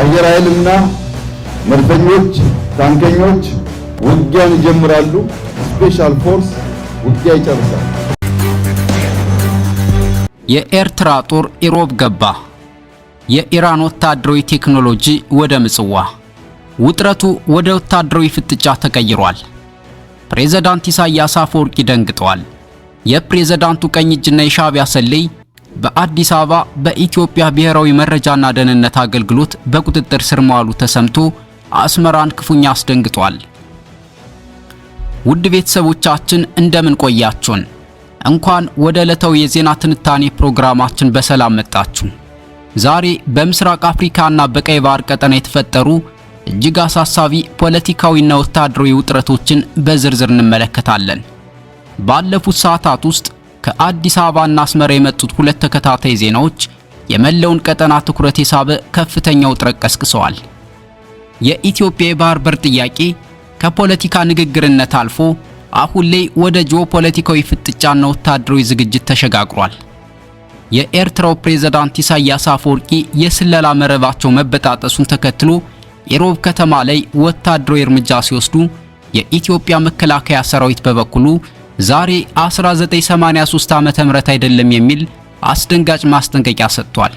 አየር ኃይልና መድፈኞች፣ ታንከኞች ውጊያን ይጀምራሉ። ስፔሻል ፎርስ ውጊያ ይጨርሳል። የኤርትራ ጦር ኢሮብ ገባ። የኢራን ወታደራዊ ቴክኖሎጂ ወደ ምጽዋ። ውጥረቱ ወደ ወታደራዊ ፍጥጫ ተቀይሯል። ፕሬዝዳንት ኢሳያስ አፈወርቂ ደንግጠዋል። የፕሬዝዳንቱ ቀኝ እጅና የሻቢያ ሰልይ! በአዲስ አበባ በኢትዮጵያ ብሔራዊ መረጃና ደህንነት አገልግሎት በቁጥጥር ስር መዋሉ ተሰምቶ አስመራን ክፉኛ አስደንግጧል። ውድ ቤተሰቦቻችን እንደምን ቆያችሁን? እንኳን ወደ ዕለታው የዜና ትንታኔ ፕሮግራማችን በሰላም መጣችሁ። ዛሬ በምስራቅ አፍሪካና በቀይ ባህር ቀጠና የተፈጠሩ እጅግ አሳሳቢ ፖለቲካዊና ወታደራዊ ውጥረቶችን በዝርዝር እንመለከታለን። ባለፉት ሰዓታት ውስጥ ከአዲስ አበባና አስመራ የመጡት ሁለት ተከታታይ ዜናዎች የመላውን ቀጠና ትኩረት የሳበ ከፍተኛ ውጥረት ቀስቅሰዋል። የኢትዮጵያ የባህር በር ጥያቄ ከፖለቲካ ንግግርነት አልፎ አሁን ላይ ወደ ጂኦፖለቲካዊ ፍጥጫና ወታደራዊ ዝግጅት ተሸጋግሯል። የኤርትራው ፕሬዝዳንት ኢሳያስ አፈወርቂ የስለላ መረባቸው መበጣጠሱን ተከትሎ የሮብ ከተማ ላይ ወታደራዊ እርምጃ ሲወስዱ የኢትዮጵያ መከላከያ ሰራዊት በበኩሉ ዛሬ 1983 ዓመተ ምህረት አይደለም የሚል አስደንጋጭ ማስጠንቀቂያ ሰጥቷል።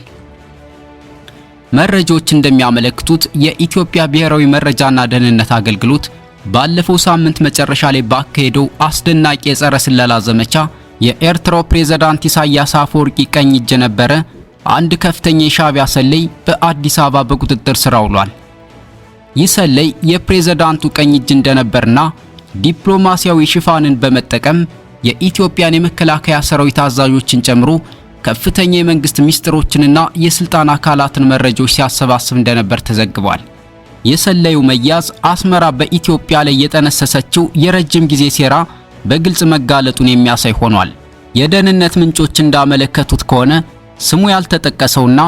መረጃዎች እንደሚያመለክቱት የኢትዮጵያ ብሔራዊ መረጃና ደህንነት አገልግሎት ባለፈው ሳምንት መጨረሻ ላይ ባካሄደው አስደናቂ የጸረ ስለላ ዘመቻ የኤርትራው ፕሬዝዳንት ኢሳያስ አፈወርቂ ቀኝ እጅ ነበረ አንድ ከፍተኛ የሻቢያ ሰለይ በአዲስ አበባ በቁጥጥር ስር አውሏል። ይህ የፕሬዝዳንቱ ቀኝ እጅ እንደነበርና ዲፕሎማሲያዊ ሽፋንን በመጠቀም የኢትዮጵያን የመከላከያ ሰራዊት አዛዦችን ጨምሮ ከፍተኛ የመንግስት ሚስጥሮችንና የስልጣን አካላትን መረጃዎች ሲያሰባስብ እንደነበር ተዘግቧል። የሰለዩ መያዝ አስመራ በኢትዮጵያ ላይ የጠነሰሰችው የረጅም ጊዜ ሴራ በግልጽ መጋለጡን የሚያሳይ ሆኗል። የደህንነት ምንጮች እንዳመለከቱት ከሆነ ስሙ ያልተጠቀሰውና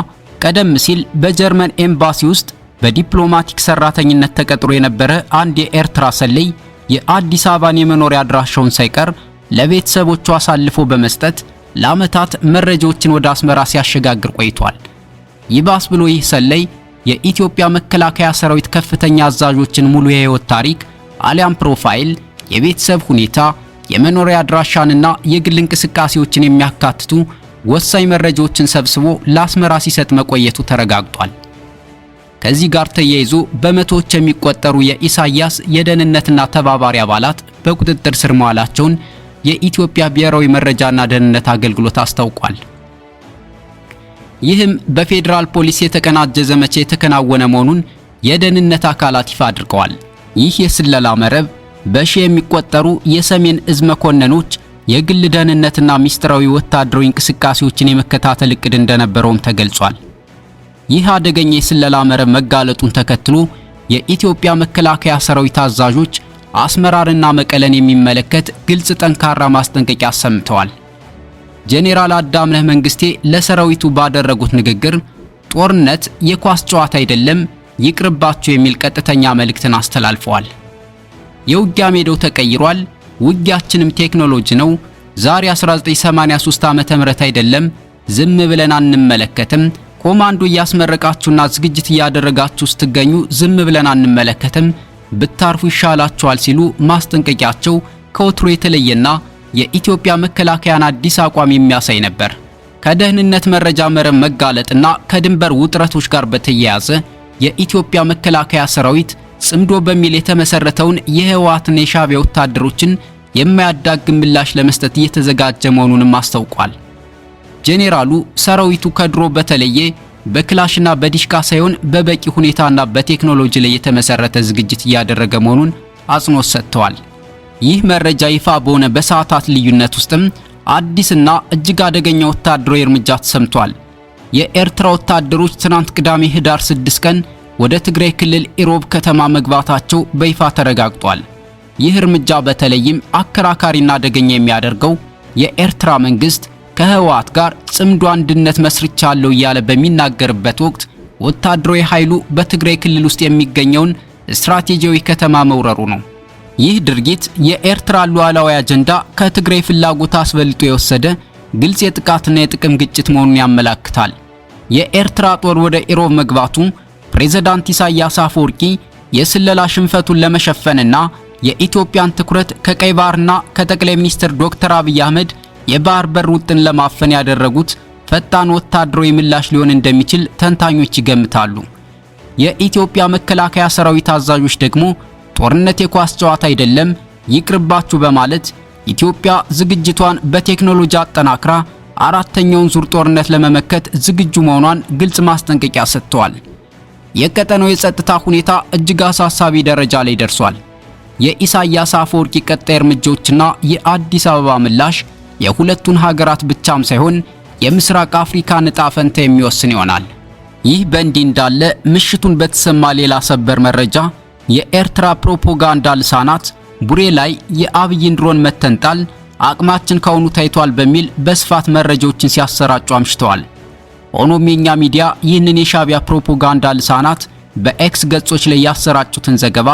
ቀደም ሲል በጀርመን ኤምባሲ ውስጥ በዲፕሎማቲክ ሰራተኝነት ተቀጥሮ የነበረ አንድ የኤርትራ ሰለይ። የአዲስ አበባን የመኖሪያ አድራሻውን ሳይቀር ለቤተሰቦቹ አሳልፎ በመስጠት ለዓመታት መረጃዎችን ወደ አስመራ ሲያሸጋግር ቆይቷል። ይባስ ብሎ ይህ የኢትዮጵያ መከላከያ ሰራዊት ከፍተኛ አዛዦችን ሙሉ የህይወት ታሪክ አሊያም ፕሮፋይል፣ የቤተሰብ ሁኔታ፣ የመኖሪያ አድራሻንና የግል እንቅስቃሴዎችን የሚያካትቱ ወሳኝ መረጃዎችን ሰብስቦ ለአስመራ ሲሰጥ መቆየቱ ተረጋግጧል። ከዚህ ጋር ተያይዞ በመቶዎች የሚቆጠሩ የኢሳያስ የደህንነትና ተባባሪ አባላት በቁጥጥር ስር መዋላቸውን የኢትዮጵያ ብሔራዊ መረጃና ደህንነት አገልግሎት አስታውቋል። ይህም በፌዴራል ፖሊስ የተቀናጀ ዘመቻ የተከናወነ መሆኑን የደህንነት አካላት ይፋ አድርገዋል። ይህ የስለላ መረብ በሺ የሚቆጠሩ የሰሜን እዝ መኮንኖች የግል ደህንነትና ሚስጥራዊ ወታደራዊ እንቅስቃሴዎችን የመከታተል እቅድ እንደነበረውም ተገልጿል። ይህ አደገኛ የስለላ መረብ መጋለጡን ተከትሎ የኢትዮጵያ መከላከያ ሰራዊት አዛዦች አስመራርና መቀለን የሚመለከት ግልጽ ጠንካራ ማስጠንቀቂያ አሰምተዋል። ጄኔራል አዳምነህ መንግስቴ ለሰራዊቱ ባደረጉት ንግግር ጦርነት የኳስ ጨዋታ አይደለም፣ ይቅርባቸው የሚል ቀጥተኛ መልእክትን አስተላልፈዋል። የውጊያ ሜዳው ተቀይሯል፣ ውጊያችንም ቴክኖሎጂ ነው። ዛሬ 1983 ዓ.ም አይደለም፣ ዝም ብለን አንመለከትም ኮማንዶ እያስመረቃችሁና ዝግጅት እያደረጋችሁ ስትገኙ ዝም ብለን አንመለከትም፣ ብታርፉ ይሻላችኋል ሲሉ ማስጠንቀቂያቸው ከወትሮ የተለየና የኢትዮጵያ መከላከያን አዲስ አቋም የሚያሳይ ነበር። ከደህንነት መረጃ መረብ መጋለጥና ከድንበር ውጥረቶች ጋር በተያያዘ የኢትዮጵያ መከላከያ ሰራዊት ጽምዶ በሚል የተመሰረተውን የህወሓትና የሻዕቢያ ወታደሮችን የማያዳግም ምላሽ ለመስጠት እየተዘጋጀ መሆኑንም አስታውቋል። ጄኔራሉ ሰራዊቱ ከድሮ በተለየ በክላሽና በዲሽካ ሳይሆን በበቂ ሁኔታና በቴክኖሎጂ ላይ የተመሰረተ ዝግጅት እያደረገ መሆኑን አጽንኦት ሰጥተዋል። ይህ መረጃ ይፋ በሆነ በሰዓታት ልዩነት ውስጥም አዲስና እጅግ አደገኛ ወታደራዊ እርምጃ ተሰምቷል። የኤርትራ ወታደሮች ትናንት ቅዳሜ ህዳር 6 ቀን ወደ ትግራይ ክልል ኢሮብ ከተማ መግባታቸው በይፋ ተረጋግጧል። ይህ እርምጃ በተለይም አከራካሪና አደገኛ የሚያደርገው የኤርትራ መንግስት ከህወሓት ጋር ጽምዶ አንድነት መስርቻለሁ እያለ በሚናገርበት ወቅት ወታደራዊ ኃይሉ በትግራይ ክልል ውስጥ የሚገኘውን ስትራቴጂያዊ ከተማ መውረሩ ነው። ይህ ድርጊት የኤርትራ ሉዓላዊ አጀንዳ ከትግራይ ፍላጎት አስበልጦ የወሰደ ግልጽ የጥቃትና የጥቅም ግጭት መሆኑን ያመላክታል። የኤርትራ ጦር ወደ ኢሮብ መግባቱ ፕሬዝዳንት ኢሳያስ አፈወርቂ የስለላ ሽንፈቱን ለመሸፈንና የኢትዮጵያን ትኩረት ከቀይ ባህርና ከጠቅላይ ሚኒስትር ዶክተር አብይ አህመድ የባህር በር ውጥን ለማፈን ያደረጉት ፈጣን ወታደራዊ ምላሽ ሊሆን እንደሚችል ተንታኞች ይገምታሉ። የኢትዮጵያ መከላከያ ሰራዊት አዛዦች ደግሞ ጦርነት የኳስ ጨዋታ አይደለም ይቅርባችሁ በማለት ኢትዮጵያ ዝግጅቷን በቴክኖሎጂ አጠናክራ አራተኛውን ዙር ጦርነት ለመመከት ዝግጁ መሆኗን ግልጽ ማስጠንቀቂያ ሰጥተዋል። የቀጠናው የጸጥታ ሁኔታ እጅግ አሳሳቢ ደረጃ ላይ ደርሷል። የኢሳያስ አፈወርቂ ቀጣይ እርምጃዎችና የአዲስ አበባ ምላሽ የሁለቱን ሀገራት ብቻም ሳይሆን የምስራቅ አፍሪካ ዕጣ ፈንታ የሚወስን ይሆናል። ይህ በእንዲህ እንዳለ ምሽቱን በተሰማ ሌላ ሰበር መረጃ የኤርትራ ፕሮፓጋንዳ ልሳናት ቡሬ ላይ የአብይን ድሮን መተንጣል አቅማችን ከሆኑ ታይቷል በሚል በስፋት መረጃዎችን ሲያሰራጩ አምሽተዋል። ሆኖም የኛ ሚዲያ ይህንን የሻቢያ ፕሮፓጋንዳ ልሳናት በኤክስ ገጾች ላይ ያሰራጩትን ዘገባ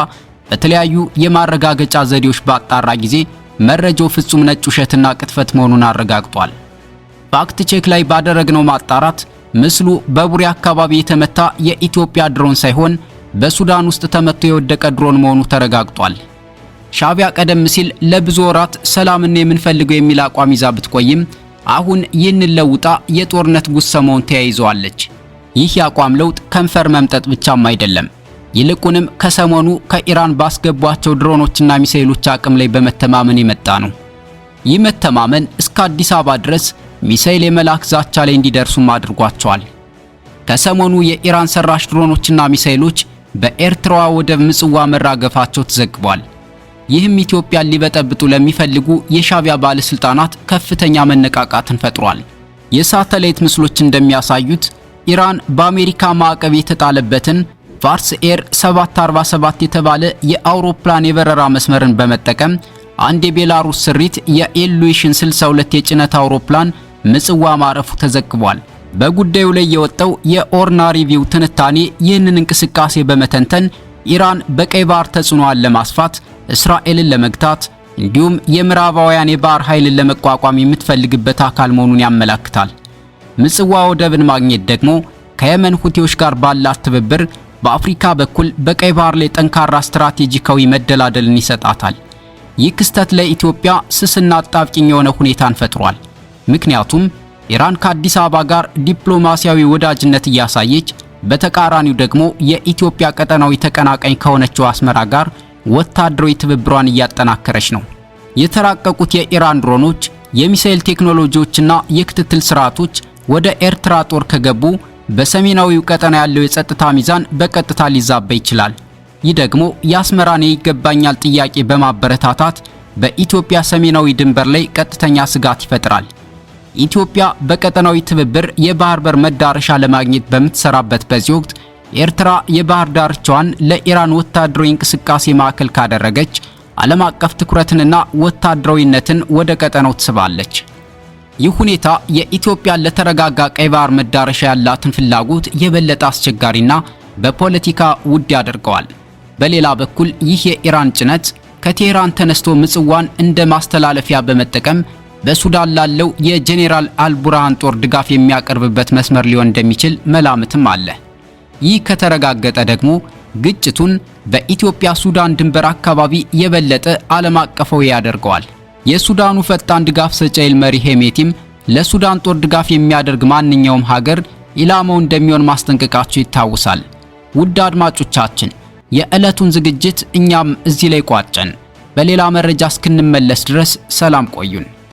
በተለያዩ የማረጋገጫ ዘዴዎች ባጣራ ጊዜ መረጃው ፍጹም ነጭ ውሸትና ቅጥፈት መሆኑን አረጋግጧል። ፋክት ቼክ ላይ ባደረግነው ማጣራት ምስሉ በቡሬ አካባቢ የተመታ የኢትዮጵያ ድሮን ሳይሆን በሱዳን ውስጥ ተመቶ የወደቀ ድሮን መሆኑ ተረጋግጧል። ሻቢያ ቀደም ሲል ለብዙ ወራት ሰላምን የምንፈልገው የሚል አቋም ይዛ ብትቆይም አሁን ይህንን ለውጣ የጦርነት ጉሰማውን ተያይዘዋለች። ይህ የአቋም ለውጥ ከንፈር መምጠጥ ብቻም አይደለም፣ ይልቁንም ከሰሞኑ ከኢራን ባስገቧቸው ድሮኖችና ሚሳኤሎች አቅም ላይ በመተማመን የመጣ ነው። ይህ መተማመን እስከ አዲስ አበባ ድረስ ሚሳኤል የመላክ ዛቻ ላይ እንዲደርሱም አድርጓቸዋል። ከሰሞኑ የኢራን ሰራሽ ድሮኖችና ሚሳኤሎች በኤርትራዋ ወደብ ምጽዋ መራገፋቸው ተዘግቧል። ይህም ኢትዮጵያን ሊበጠብጡ ለሚፈልጉ የሻቢያ ባለስልጣናት ከፍተኛ መነቃቃትን ፈጥሯል። የሳተላይት ምስሎች እንደሚያሳዩት ኢራን በአሜሪካ ማዕቀብ የተጣለበትን ፋርስ ኤር 747 የተባለ የአውሮፕላን የበረራ መስመርን በመጠቀም አንድ የቤላሩስ ስሪት የኤልዊሽን 62 የጭነት አውሮፕላን ምጽዋ ማረፉ ተዘግቧል። በጉዳዩ ላይ የወጣው የኦርና ሪቪው ትንታኔ ይህንን እንቅስቃሴ በመተንተን ኢራን በቀይ ባህር ተጽዕኖዋን ለማስፋት፣ እስራኤልን ለመግታት እንዲሁም የምዕራባውያን የባህር ኃይልን ለመቋቋም የምትፈልግበት አካል መሆኑን ያመላክታል። ምጽዋ ወደብን ማግኘት ደግሞ ከየመን ሁቲዎች ጋር ባላት ትብብር በአፍሪካ በኩል በቀይ ባህር ላይ ጠንካራ ስትራቴጂካዊ መደላደልን ይሰጣታል። ይህ ክስተት ለኢትዮጵያ ስስና አጣብቂኝ የሆነ ሁኔታን ፈጥሯል። ምክንያቱም ኢራን ከአዲስ አበባ ጋር ዲፕሎማሲያዊ ወዳጅነት እያሳየች፣ በተቃራኒው ደግሞ የኢትዮጵያ ቀጠናዊ ተቀናቃኝ ከሆነችው አስመራ ጋር ወታደራዊ ትብብሯን እያጠናከረች ነው። የተራቀቁት የኢራን ድሮኖች፣ የሚሳኤል ቴክኖሎጂዎችና የክትትል ስርዓቶች ወደ ኤርትራ ጦር ከገቡ በሰሜናዊው ቀጠና ያለው የጸጥታ ሚዛን በቀጥታ ሊዛባ ይችላል። ይህ ደግሞ የአስመራን ይገባኛል ጥያቄ በማበረታታት በኢትዮጵያ ሰሜናዊ ድንበር ላይ ቀጥተኛ ስጋት ይፈጥራል። ኢትዮጵያ በቀጠናዊ ትብብር የባህር በር መዳረሻ ለማግኘት በምትሰራበት በዚህ ወቅት ኤርትራ የባህር ዳርቻዋን ለኢራን ወታደራዊ እንቅስቃሴ ማዕከል ካደረገች ዓለም አቀፍ ትኩረትንና ወታደራዊነትን ወደ ቀጠናው ትስባለች። ይህ ሁኔታ የኢትዮጵያን ለተረጋጋ ቀይ ባህር መዳረሻ ያላትን ፍላጎት የበለጠ አስቸጋሪና በፖለቲካ ውድ ያደርገዋል። በሌላ በኩል ይህ የኢራን ጭነት ከቴህራን ተነስቶ ምጽዋን እንደ ማስተላለፊያ በመጠቀም በሱዳን ላለው የጄኔራል አልቡርሃን ጦር ድጋፍ የሚያቀርብበት መስመር ሊሆን እንደሚችል መላምትም አለ። ይህ ከተረጋገጠ ደግሞ ግጭቱን በኢትዮጵያ ሱዳን ድንበር አካባቢ የበለጠ ዓለም አቀፋዊ ያደርገዋል። የሱዳኑ ፈጣን ድጋፍ ሰጪ መሪ ሄሜቲም ለሱዳን ጦር ድጋፍ የሚያደርግ ማንኛውም ሀገር ኢላማው እንደሚሆን ማስጠንቀቃቸው ይታወሳል። ውድ አድማጮቻችን የዕለቱን ዝግጅት እኛም እዚህ ላይ ቋጨን። በሌላ መረጃ እስክንመለስ ድረስ ሰላም ቆዩን።